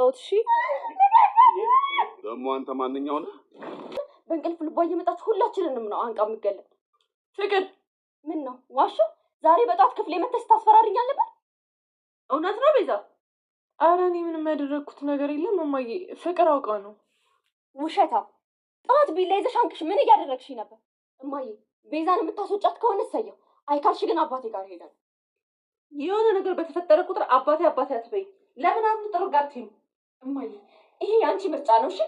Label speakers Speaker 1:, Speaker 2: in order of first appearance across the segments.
Speaker 1: ያመጣሁት። እሺ
Speaker 2: ደግሞ አንተ ማንኛው ነህ?
Speaker 1: በእንቅልፍ ልቧ እየመጣች ሁላችንንም ነው አንቃ የምገለጥ። ፍቅር ምን ነው ዋሾ? ዛሬ በጠዋት ክፍሌ መተሽ ታስፈራሪኝ አልነበር?
Speaker 3: እውነት ነው ቤዛ?
Speaker 4: አረ እኔ ምንም ያደረግኩት ነገር የለም እማዬ፣ ፍቅር አውቃ ነው።
Speaker 1: ውሸታ! ጠዋት ቢላ ይዘሽ አንቅሽ ምን እያደረግሽ ነበር? እማዬ ቤዛን የምታስወጫት ከሆነ እሰየው፣ አይካልሽ ግን አባቴ ጋር ሄዳል።
Speaker 3: የሆነ ነገር በተፈጠረ ቁጥር አባቴ አባቴ አትበይ። ለምን አሁን ጥሩ
Speaker 1: እማዬ ይሄ የአንቺ ምርጫ ነው። እሺ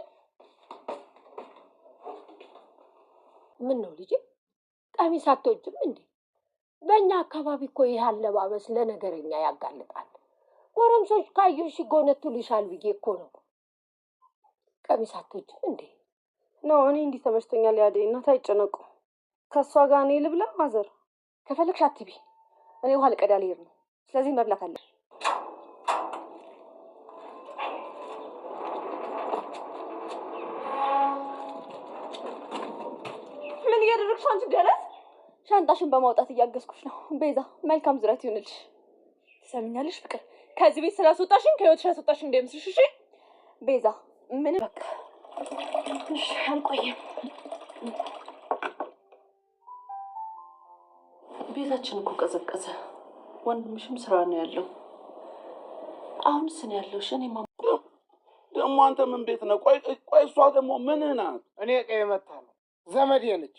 Speaker 1: ምን ነው ልጄ፣ ቀሚስ አትወጂም እንዴ? በእኛ አካባቢ እኮ ይህ አለባበስ ለነገረኛ ያጋልጣል። ጎረምሶች ካየሽ ይጎነቱልሻል ብዬ እኮ ነው። ቀሚስ አትወጂም እንዴ?
Speaker 4: ነው እኔ እንዲህ ተመችቶኛል። ያደ እናት አይጨነቁ። ከእሷ ጋር እኔ ልብላ ማዘር።
Speaker 1: ከፈለግሽ አትቢ። እኔ ውሃ ልቀዳ ልሄድ ነው። ስለዚህ መብላት አለ አንቺ ገለጽ ሻንጣሽን በማውጣት እያገዝኩሽ ነው። ቤዛ መልካም ዝረት ይሁንልሽ። ትሰሚኛለሽ ፍቅር፣ ከዚህ ቤት ስላስወጣሽኝ ከህይወትሽ አስወጣሽኝ እንደምስልሽ። እሺ ቤዛ፣ ምን
Speaker 5: በቃ እሺ፣ ቤታችን እኮ ቀዘቀዘ። ወንድምሽም ስራ ነው ያለው። አሁን ስን ያለው ሽን ማ
Speaker 2: ደግሞ አንተ ምን ቤት ነው? ቆይ ቆይ፣ እሷ ደግሞ ምንህ ናት?
Speaker 6: እኔ ቀይ መታ ነው ዘመዴ ነች።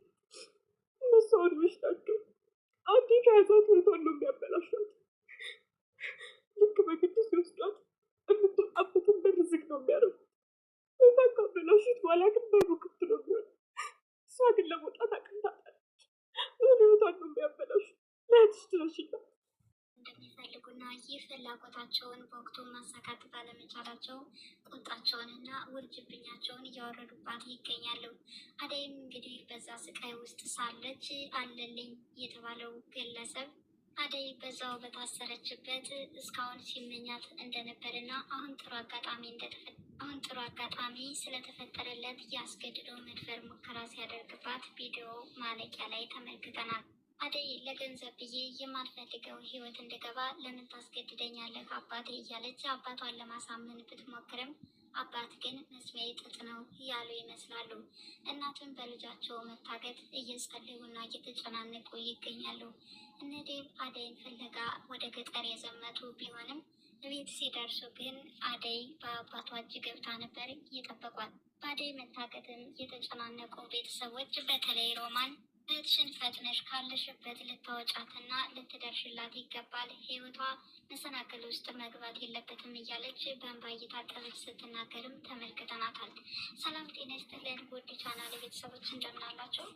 Speaker 4: ሰዎች ናቸው። አንዴ ከያዛት ህይወቷን ነው የሚያበላሻት። ልክ በግድ ሲወስዷት የምትወጣበትን በር ዝግ ነው የሚያደርጉት። ህይወቷን ካበላሹት በኋላ ግን በሩ ክፍት ነው የሚሆን። እሷ ግን ለመውጣት አቅም ታጣለች። ህይወቷን ነው የሚያበላሹት። ለእህትሽ ትረሽላት
Speaker 7: እንደሚፈልጉና ይህ ፍላጎታቸውን በወቅቱ ማሳካት ባለመቻላቸው ቁጣቸውንና ውርጅብኛቸውን እያወረዱባት ይገኛሉ። አደይም እንግዲህ በዛ ስቃይ ውስጥ ሳለች አለልኝ የተባለው ግለሰብ አደይ በዛው በታሰረችበት እስካሁን ሲመኛት እንደነበርና አሁን ጥሩ አጋጣሚ እንደተፈ አሁን ጥሩ አጋጣሚ ስለተፈጠረለት ያስገድዶ መድፈር ሙከራ ሲያደርግባት ቪዲዮ ማለቂያ ላይ ተመልክተናል። አደይ ለገንዘብ ብዬ የማልፈልገው ህይወት እንድገባ ለምን ታስገድደኛለህ አባቴ እያለች አባቷን ለማሳመን ብትሞክርም አባት ግን መስሚያ ጥጥ ነው እያሉ ይመስላሉ። እናቱን በልጃቸው መታገት እየጸለዩና እየተጨናነቁ ይገኛሉ። እነዴብ አደይን ፍለጋ ወደ ገጠር የዘመቱ ቢሆንም ቤት ሲደርሱ ግን አደይ በአባቷ እጅ ገብታ ነበር ይጠበቋል። በአደይ መታገትም የተጨናነቁ ቤተሰቦች በተለይ ሮማን እህትሽን ፈጥነሽ ካለሽበት ልታወጫትና ልትደርሽላት ይገባል። ህይወቷ መሰናክል ውስጥ መግባት የለበትም እያለች በእንባ እየታጠበች ስትናገርም ተመልክተናታል። ሰላም ጤና ይስጥልን ውድ ቻናል ቤተሰቦች እንደምናላችሁ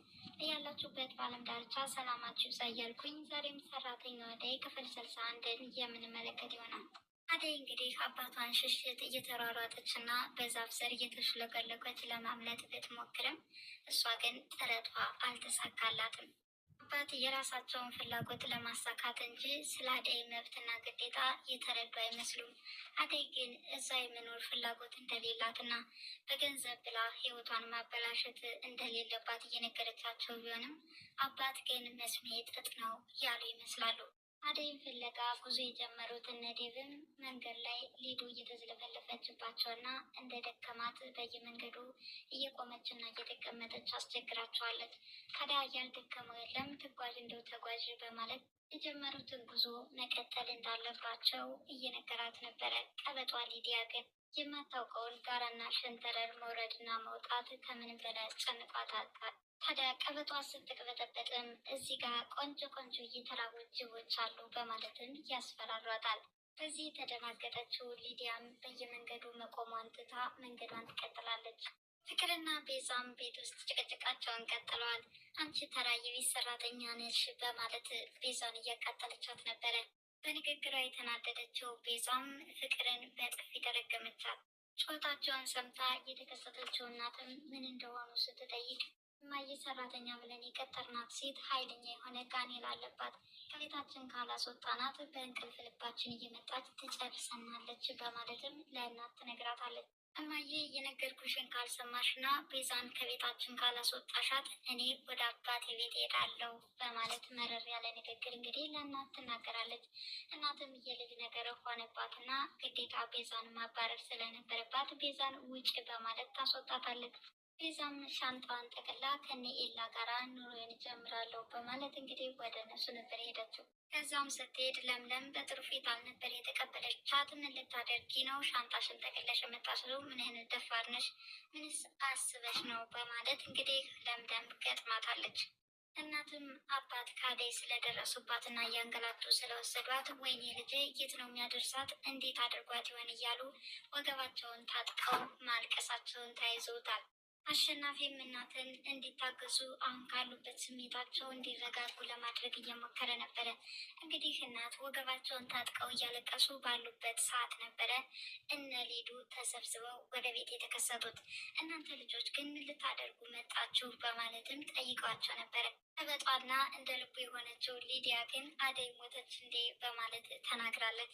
Speaker 7: እያላችሁበት በዓለም ዳርቻ ሰላማችሁ ይብዛ እያልኩኝ ዛሬም ሰራተኛዋ አደይ ክፍል ስልሳ አንድን የምንመለከት ይሆናል። አደይ እንግዲህ አባቷን ሽሽት እየተሯሯጠች እና በዛፍ ስር እየተሽለቀለቀች ለማምለጥ ብትሞክርም እሷ ግን ጥረቷ አልተሳካላትም። አባት የራሳቸውን ፍላጎት ለማሳካት እንጂ ስለ አደይ መብትና ግዴታ የተረዱ አይመስሉም። አደይ ግን እዛ የመኖር ፍላጎት እንደሌላትና በገንዘብ ብላ ሕይወቷን ማበላሸት እንደሌለባት እየነገረቻቸው ቢሆንም አባት ግን መስሜ ጥጥ ነው ያሉ ይመስላሉ። አደይን ፍለጋ ጉዞ የጀመሩት እነ ዴቭም መንገድ ላይ ሊዱ እየተዝለፈለፈችባቸውና እንደ ደከማት በየመንገዱ እየቆመችና እየተቀመጠች አስቸግራቸዋለች። ታዲያ ያልደከመው የለም ትጓዥ እንደው ተጓዥ በማለት የጀመሩትን ጉዞ መቀጠል እንዳለባቸው እየነገራት ነበረ። ቀበጧ ሊዲያ ግን የማታውቀውን ጋራና ሸንተረር መውረድና መውጣት ከምንም በላይ አስጨንቋታል። ታዲያ ቀበጧ ስትቅበጠበጥም እዚህ ጋር ቆንጆ ቆንጆ እየተራቡ ጅቦች አሉ በማለትም ያስፈራሯታል። በዚህ የተደናገጠችው ሊዲያም በየመንገዱ መቆሟን ትታ መንገዷን ትቀጥላለች። ፍቅርና ቤዛም ቤት ውስጥ ጭቅጭቃቸውን ቀጥለዋል። አንቺ ተራ የቤት ሰራተኛ ነሽ በማለት ቤዛን እያቃጠለቻት ነበረ። በንግግሯ የተናደደችው ቤዛም ፍቅርን በጥፊ ደረገመቻት። ጩኸታቸውን ሰምታ የተከሰተችው እናትም ምን እንደሆኑ ስትጠይቅ እማዬ ሰራተኛ ብለን የቀጠርናት ሴት ኃይለኛ የሆነ ጋኔል አለባት። ከቤታችን ካላስወጣናት በእንቅልፍ ልባችን እየመጣች ትጨርሰናለች በማለትም ለእናት ትነግራታለች። እማዬ የነገርኩሽን ካልሰማሽና ቤዛን ከቤታችን ካላስወጣሻት እኔ ወደ አባቴ ቤት ሄዳለሁ በማለት መረር ያለ ንግግር እንግዲህ ለእናት ትናገራለች። እናትም የልጅ ነገር ሆነባትና ግዴታ ቤዛን ማባረር ስለነበረባት ቤዛን ውጭ በማለት ታስወጣታለች። ቤዛም ሻንጣዋን ጠቅላ ከነኤላ ጋራ ኑሮዬን ጀምራለሁ በማለት እንግዲህ ወደ እነሱ ነበር የሄደችው። ከዛም ስትሄድ ለምለም በጥሩ ፊት አልነበር የተቀበለቻት። ምን ልታደርጊ ነው ሻንጣሽን ጠቅለሽ የመጣሽ? ምን ደፋር ነሽ? ምንስ አስበሽ ነው? በማለት እንግዲህ ለምለም ገጥማታለች። እናትም አባት ካደይ ስለደረሱባት እና እያንገላቱ ስለወሰዷት ወይኔ ልጄ የት ነው የሚያደርሳት እንዴት አድርጓት ይሆን እያሉ ወገባቸውን ታጥቀው ማልቀሳቸውን ተያይዘውታል። አሸናፊም እናትን እንዲታገሱ አሁን ካሉበት ስሜታቸው እንዲረጋጉ ለማድረግ እየሞከረ ነበረ። እንግዲህ እናት ወገባቸውን ታጥቀው እያለቀሱ ባሉበት ሰዓት ነበረ እነ ሊዱ ተሰብስበው ወደ ቤት የተከሰቱት። እናንተ ልጆች ግን ምን ልታደርጉ መጣችሁ? በማለትም ጠይቀዋቸው ነበረ። ተበጧና እንደ ልቡ የሆነችው ሊዲያ ግን አደይ ሞተች እንዴ? በማለት ተናግራለች።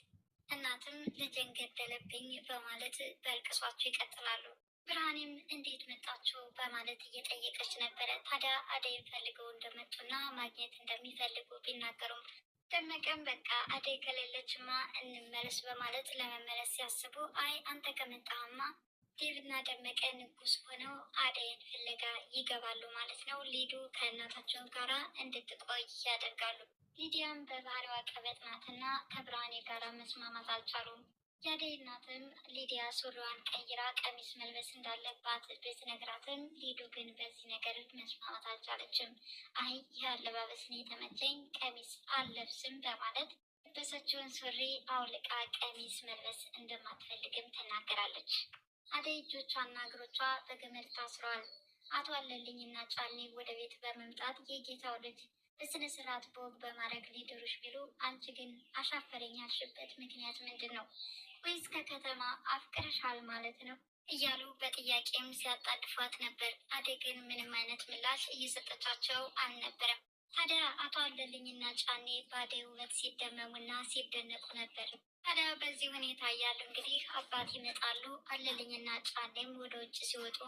Speaker 7: እናትም ልጄን ገደለብኝ በማለት በልቅሷቸው ይቀጥላሉ። ብርሃኔም እንዴት መጣችሁ በማለት እየጠየቀች ነበረ። ታዲያ አደይን ፈልገው እንደመጡና ማግኘት እንደሚፈልጉ ቢናገሩም ደመቀን በቃ አደይ ከሌለችማ እንመለስ በማለት ለመመለስ ሲያስቡ፣ አይ አንተ ከመጣህማ ዴብና ደመቀ ንጉስ ሆነው አደይን ፍለጋ ይገባሉ ማለት ነው። ሊዱ ከእናታቸው ጋራ እንድትቆይ ያደርጋሉ። ሊዲያም በባህሪዋ ቀበጥ ናትና ከብርሃኔ ጋራ መስማማት አልቻሉም። የአደይ እናትም ሊዲያ ሱሪዋን ቀይራ ቀሚስ መልበስ እንዳለባት ብትነግራትም ሊዱ ግን በዚህ ነገር መስማማት አልቻለችም። አይ ይህ አለባበስን የተመቸኝ ቀሚስ አልለብስም በማለት የለበሰችውን ሱሪ አውልቃ ቀሚስ መልበስ እንደማትፈልግም ትናገራለች። አደይ እጆቿና እግሮቿ በገመድ ታስረዋል። አቶ አለልኝ ጫኔ ወደ ቤት በመምጣት የጌታው ልጅ በስነ ስርዓት በወግ በማድረግ ሊደሩሽ ቢሉ አንቺ ግን አሻፈረኝ ያልሽበት ምክንያት ምንድን ነው? ወይስ ከከተማ አፍቅረሻል ማለት ነው እያሉ በጥያቄም ሲያጣድፏት ነበር። አደግን ምንም አይነት ምላሽ እየሰጠቻቸው አልነበረም። ታዲያ አቶ አለልኝና ጫኔ በአደይ ውበት ሲደመሙና ሲደነቁ ነበር። ታዲያ በዚህ ሁኔታ እያሉ እንግዲህ አባት ይመጣሉ። አለልኝና ጫኔም ወደ ውጭ ሲወጡ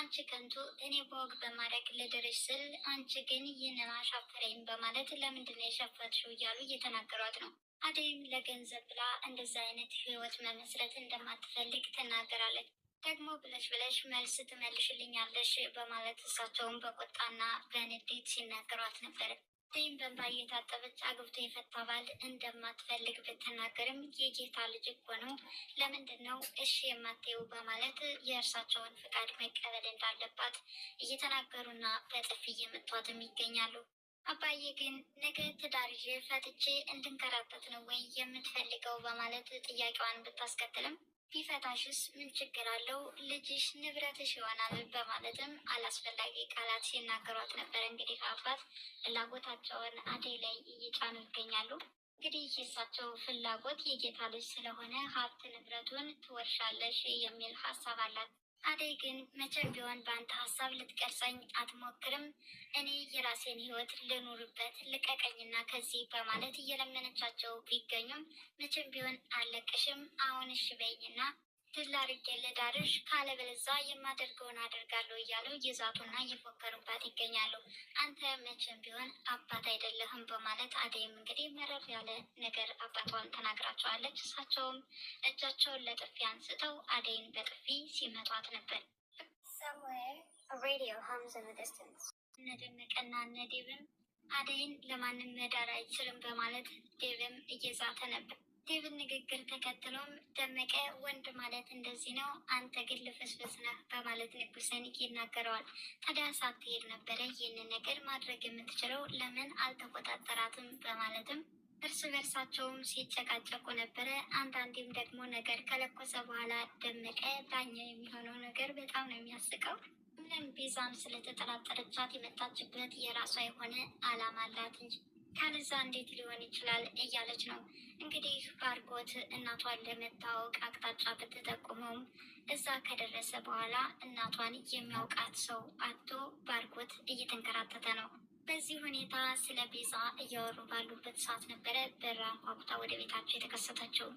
Speaker 7: አንቺ ከንቱ፣ እኔ በወግ በማድረግ ልድርሽ ስል አንቺ ግን ይህንን አሻፈረኝ በማለት ለምንድን ነው የሸፈትሽው እያሉ እየተናገሯት ነው። አደይም ለገንዘብ ብላ እንደዛ አይነት ህይወት መመስረት እንደማትፈልግ ትናገራለች። ደግሞ ብለሽ ብለሽ መልስ ትመልሽልኛለሽ በማለት እሳቸውን በቁጣና በንዴት ሲናገሯት ነበር። አደይም በእንባ እየታጠበች አግብቶ የፈታ ባል እንደማትፈልግ ብትናገርም የጌታ ልጅ እኮ ነው ለምንድን ነው እሺ የማትይው በማለት የእርሳቸውን ፍቃድ መቀበል እንዳለባት እየተናገሩና በጥፊ እየመቷትም ይገኛሉ። አባዬ ግን ነገ ትዳር ይዤ ፈትቼ እንድንከራተት ነው ወይ የምትፈልገው? በማለት ጥያቄዋን ብታስከትልም ቢፈታሽስ ምን ችግር አለው? ልጅሽ ንብረትሽ ይሆናል በማለትም አላስፈላጊ ቃላት ሲናገሯት ነበር። እንግዲህ አባት ፍላጎታቸውን አደይ ላይ እየጫኑ ይገኛሉ። እንግዲህ የእሳቸው ፍላጎት የጌታ ልጅ ስለሆነ ሀብት ንብረቱን ትወርሻለሽ የሚል ሀሳብ አላት። አደይ ግን መቼም ቢሆን በአንተ ሀሳብ ልትቀርጸኝ አትሞክርም። እኔ የራሴን ህይወት ልኑርበት ልቀቀኝና ከዚህ በማለት እየለመነቻቸው ቢገኙም መቼም ቢሆን አለቅሽም፣ አሁን እሺ በይኝና ድል አድርጌ ልዳርሽ ካለበለዛ የማደርገውን አደርጋለሁ እያሉ እየዛቱና እየፎከሩባት ይገኛሉ። አንተ መቼም ቢሆን አባት አይደለህም በማለት አደይም እንግዲህ መረር ያለ ነገር አባቷን ተናግራቸዋለች። እሳቸውም እጃቸውን ለጥፊ አንስተው አደይን በጥፊ ሲመቷት ነበር። እነደመቀና እነዴብም አደይን ለማንም መዳር አይችልም በማለት ዴብም እየዛተ ነበር። ዴቭን ንግግር ተከትሎም ደመቀ ወንድ ማለት እንደዚህ ነው፣ አንተ ግን ልፍስፍስ ነህ በማለት ንጉሰን ይናገረዋል። ታዲያ ሳትሄድ ነበረ ይህንን ነገር ማድረግ የምትችለው ለምን አልተቆጣጠራትም? በማለትም እርስ በርሳቸውም ሲጨቃጨቁ ነበረ። አንዳንዴም ደግሞ ነገር ከለኮሰ በኋላ ደመቀ ዳኛ የሚሆነው ነገር በጣም ነው የሚያስቀው። ምንም ቤዛን ስለተጠራጠረቻት የመጣችበት የራሷ የሆነ አላማ አላት እንጂ ካለዛ እንዴት ሊሆን ይችላል እያለች ነው እንግዲህ ባርኮት እናቷን ለመታወቅ አቅጣጫ ብትጠቁመውም እዛ ከደረሰ በኋላ እናቷን የሚያውቃት ሰው አቶ ባርኮት እየተንከራተተ ነው። በዚህ ሁኔታ ስለ ቤዛ እያወሩ ባሉበት ሰዓት ነበረ በራንኳኩታ ወደ ቤታቸው የተከሰተችው።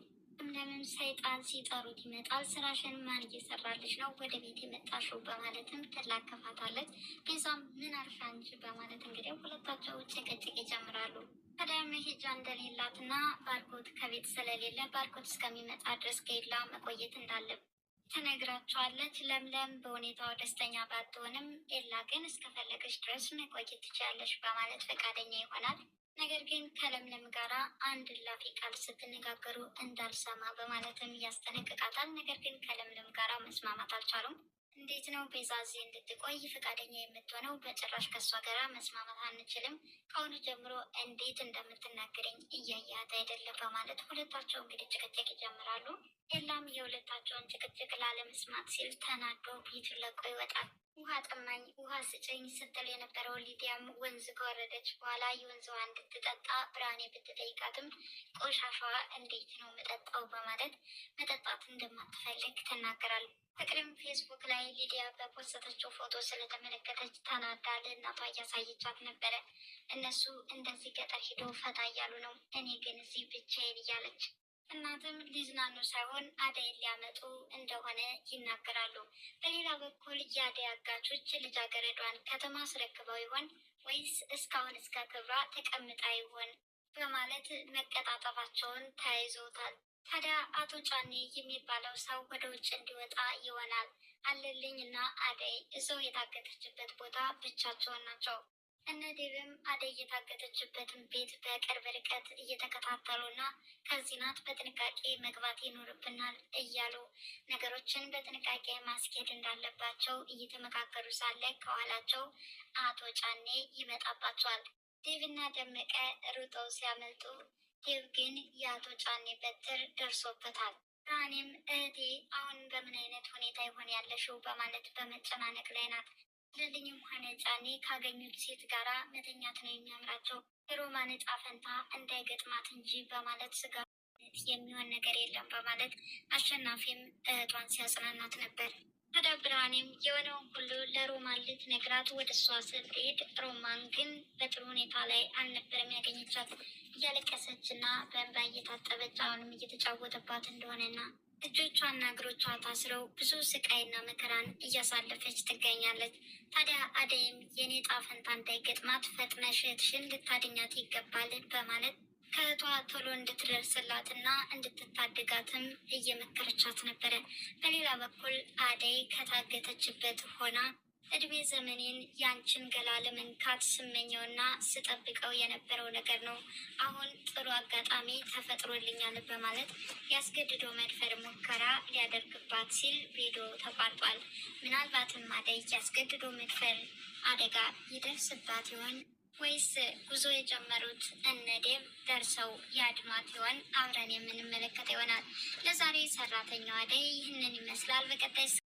Speaker 7: ለምን ሰይጣን ሲጠሩት ይመጣል። ስራሽን ማን እየሰራልሽ ነው ወደ ቤት የመጣሽው? በማለትም ትላከፋታለች። ቤዛም ምን አርሻ እንጂ በማለት እንግዲህ ሁለታቸው ጭቅጭቅ ይጀምራሉ። ታዲያ መሄጃ እንደሌላት እና ባርኮት ከቤት ስለሌለ ባርኮት እስከሚመጣ ድረስ ከሌላ መቆየት እንዳለብ ትነግራቸዋለች። ለምለም በሁኔታው ደስተኛ ባትሆንም ሌላ ግን እስከፈለገች ድረስ መቆየት ትችላለች በማለት ፈቃደኛ ይሆናል። ነገር ግን ከለምለም ጋር አንድ ላፊ ቃል ስትነጋገሩ እንዳልሰማ በማለትም ያስጠነቅቃታል። ነገር ግን ከለምለም ጋር መስማማት አልቻሉም። እንዴት ነው ቤዛ እዚህ እንድትቆይ ፈቃደኛ የምትሆነው? በጭራሽ ከእሷ ጋራ መስማማት አንችልም። ከአሁኑ ጀምሮ እንዴት እንደምትናገረኝ እያያት አይደለም በማለት ሁለታቸው እንግዲህ ጭቅጭቅ ይጀምራሉ። ኤላም የሁለታቸውን ጭቅጭቅ ላለመስማት ሲል ተናዶ ቤቱን ለቆ ይወጣል። ውሃ ጠማኝ፣ ውሃ ስጭኝ ስትል የነበረው ሊዲያም ወንዝ ከወረደች በኋላ የወንዝዋ እንድትጠጣ ብርሃኔ ብትጠይቃትም ቆሻሻዋ እንዴት ነው መጠጣው በማለት መጠጣት እንደማትፈልግ ትናገራለች። ፍቅርም ፌስቡክ ላይ ሊዲያ በፖስተችው ፎቶ ስለተመለከተች ተናዳ ለእናቷ እያሳየቻት ነበረ። እነሱ እንደዚህ ገጠር ሂዶ ፈታ እያሉ ነው፣ እኔ ግን እዚህ ብቻዬን እያለች እናትም ሊዝናኑ ሳይሆን አደይ ሊያመጡ እንደሆነ ይናገራሉ። በሌላ በኩል የአደይ አጋቾች ልጃገረዷን ከተማ አስረክበው ይሆን ወይስ እስካሁን እስከ ክብሯ ተቀምጣ ይሆን በማለት መቀጣጠፋቸውን ተያይዘውታል። ታዲያ አቶ ጫኔ የሚባለው ሰው ወደ ውጭ እንዲወጣ ይሆናል። አለልኝ እና አደይ እዛው የታገተችበት ቦታ ብቻቸውን ናቸው። እነ ዴብም አደይ የታገተችበትን ቤት በቅርብ ርቀት እና ከዚህ ናት በጥንቃቄ መግባት ይኖርብናል እያሉ ነገሮችን በጥንቃቄ ማስኬድ እንዳለባቸው እየተመካከሩ ሳለ ከኋላቸው አቶ ጫኔ ይመጣባቸዋል። ዴብና ደመቀ ሩጠው ሲያመልጡ ዴቭ ግን የአቶ ጫኔ በትር ደርሶበታል። ብርሃኔም እህቴ አሁን በምን አይነት ሁኔታ ይሆን ያለሽው በማለት በመጨናነቅ ላይ ናት። ልልኝም ሆነ ጫኔ ካገኙት ሴት ጋራ መተኛት ነው የሚያምራቸው የሮማን ዕጣ ፈንታ እንዳይገጥማት እንጂ በማለት ስጋ የሚሆን ነገር የለም በማለት አሸናፊም እህቷን ሲያጽናናት ነበር። ታዲያ ብርሃኔም የሆነውን ሁሉ ለሮማን ልትነግራት ወደ እሷ ስትሄድ ሮማን ግን በጥሩ ሁኔታ ላይ አልነበረም ያገኘቻት። እያለቀሰች እና በእንባ እየታጠበች አሁንም እየተጫወተባት እንደሆነና እጆቿና እግሮቿ ታስረው ብዙ ስቃይና መከራን እያሳለፈች ትገኛለች። ታዲያ አደይም የኔ ጣፈንታ እንዳይገጥማት ፈጥነሽ እህትሽን ልታድኛት ይገባል በማለት ከእህቷ ቶሎ እንድትደርስላትና እንድትታደጋትም እየመከረቻት ነበረ። በሌላ በኩል አደይ ከታገተችበት ሆና እድሜ ዘመኔን ያንችን ገላ ለመንካት ስመኘውና ስጠብቀው የነበረው ነገር ነው። አሁን ጥሩ አጋጣሚ ተፈጥሮልኛል በማለት ያስገድዶ መድፈር ሙከራ ሊያደርግባት ሲል ቪዲዮ ተቋርጧል። ምናልባትም አደይ ያስገድዶ መድፈር አደጋ ይደርስባት ይሆን ወይስ ጉዞ የጀመሩት እነዴም ደርሰው የአድማት ይሆን? አብረን የምንመለከት ይሆናል። ለዛሬ ሰራተኛዋ አደይ ይህንን ይመስላል። በቀጣይ